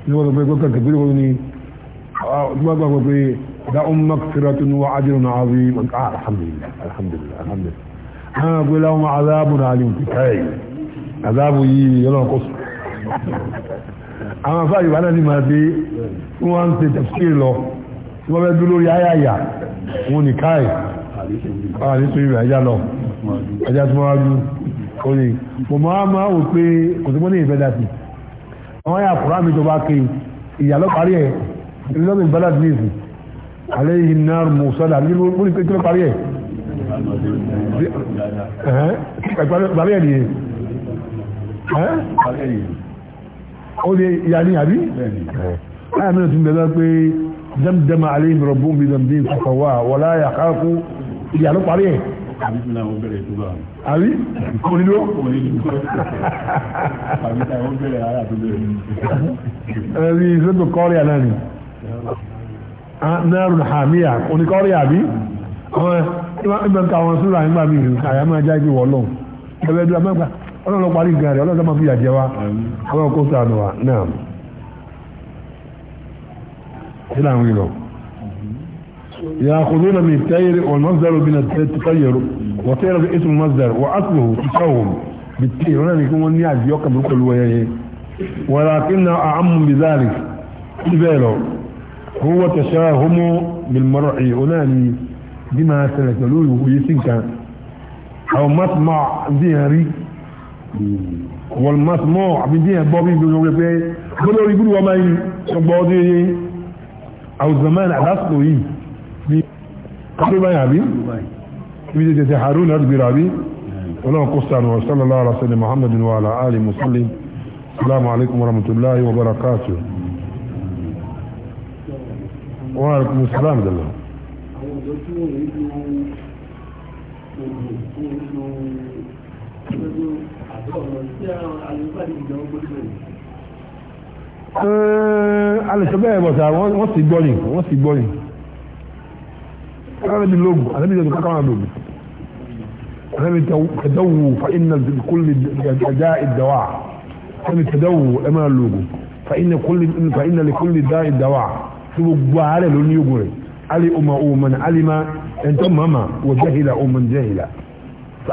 ní wọ́n sọ pé kọ́kọ́ kẹ̀kẹ́ pé wọ́n ní ah, tí wọ́n gbàgbọ́ pé لهم مغفرة وأجر عظيم آه الحمد لله الحمد لله الحمد لله أنا أقول لهم عذاب عليم كفاية عذاب يجي يلا قصر أما فاي أنا دي ما دي وأنت تفسير له ثم بدلوا يا يا يا ونكاي آه ليس يبقى أجا له أجا تماجو kọ́lé mo máa máa wò pé kò sí mọ́lẹ́ ìfẹ́ dàtí àwọn yà kúrò àmì ìjọba kí ìyàlọ́parí ẹ̀ ìlọ́bìn bẹ́lá dìnísì aléyìn náà mùsọ́dà ní wọ́n ní pẹ́kẹ́ parí ẹ̀ parí ẹ̀ ni ó lè yà ní àbí láyé mẹ́rin tún bẹ̀rẹ̀ pé dẹ́mdẹ́mà aléyìn rọ̀bù mi dẹ̀mdẹ́ ìfọ̀fọ̀wà wọ́lá yà káàkú ìyà ló parí ẹ̀ àbí kò nílò ẹ̀rí ìṣẹ́tò àná ni náírà hàmíyà oníkọ́rí àbí àwọn ìgbẹ́ ń ka àwọn súnra nígbà mí ìrìn àyà máa já ibi wọ̀ lọ́hùn ẹ̀rẹ́ ìdúrà mẹ́gbà ọlọ́run parí nǹkan rẹ̀ ọlọ́run máa fi yàjẹ́ wa àwọn ọkọ̀ sànù wa náà kí làwọn ìlọ. يأخذون من التير والمصدر من التطير وتير اسم المصدر وأصله تشوم بالتير هنا يكون النياز يوكب الكل ولكن أعم بذلك البيلو هو تشاهم بالمرء أناني بما سنتلوه ويسنك أو مسمع ذهري والمسموع بديها بابي بنوري بنوري يقولوا وما يبودي أو زمان على أصله قالوا ما يعبي بدي تتحارون هذا برابي ولو قصة وصلى الله على سيدنا محمد وعلى آله وسلم السلام عليكم ورحمة الله وبركاته Eh, uh, wọ́n rẹ̀ kún islam dẹ̀lọ. àwọn ọ̀dọ́ tí wọ́n ń lo oògùn fún ìlú ìlú àbẹ́ ọ̀nà tí àwọn alùpàdé ìjọba gbọ́dọ̀ rẹ̀. alẹ́sẹ̀ bẹ́ẹ̀ bọ̀ sá wọ́n sì gbọ́ ni wọ́n sì gbọ́ ni kọ́ra bí lóògùn àlẹ́bí ìjọba kọ́ra bí lóògùn àlẹ́bí tẹ̀dáwù fa iná kúlì ẹ̀dá ìdáwà àlẹ́bí tẹ̀dáwù ẹ̀ máa lóògùn fa iná kúlì fa iná kúlì dá ìdáwà tí gbogbo ààrẹ ló ní ogun rẹ̀ ali umar umar alima ẹ̀ntọ́ mama wọ jahila umar jahila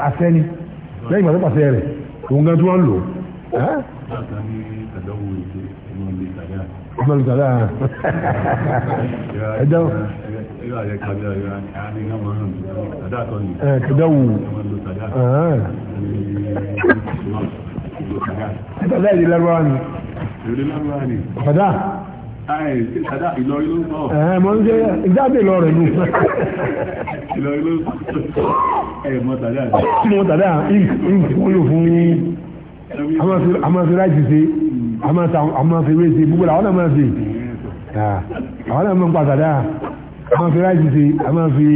àfẹ́ni lẹ́yìn pàṣẹ pàṣẹ rẹ̀ òun gan tó wọ́n lò ọmọ olùkàdá ẹ̀dáwò ẹ̀dáwò ẹ̀dáwò ẹ̀dáwò ẹ̀dáwò ẹ̀dáwò Ẹ̀mọ́ ń jẹ́ ìjáde lọ rẹ̀ nù. Ẹ̀mọ́ tàdá ìwọ́n yóò fún ní àmàfi ráìtì sí, àmàfi rẹ̀ sí, gbogbo àwọn àmà sí. Àwọn àmà ń pàtàdá, àmàfi ráìtì sí, àmàfi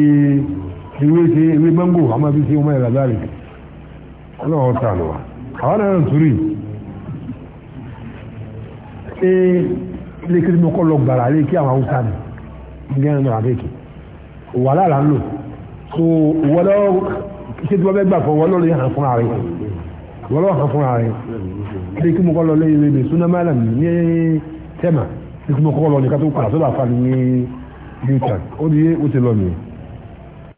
ìwé sí, ìwé mango, àmàfi sí ọmọ ìlàbárì. Ọlọ́run sànù wa. Àwọn àmà ń torí. Ṣé ilé kí mo kọ́ lọ gbàrà ilé kí àwọn haúsá ni ní ẹnu àbẹ́kì wà lára ń lò so wọ́lọ́ ṣé tí wọ́n fẹ́ gbà fún wọ́lọ́ lè hàn fún ààrẹ wọ́lọ́ hàn fún ààrẹ ilé kí mo kọ́ lọ lẹ́yìn rẹ̀ súná mẹ́lẹ̀m ní tẹ́mà ilé kí mo kọ́ lọ nìkan tó padà sọ́dọ̀ àfa ní newton ó di ó ti lọ nìyẹn.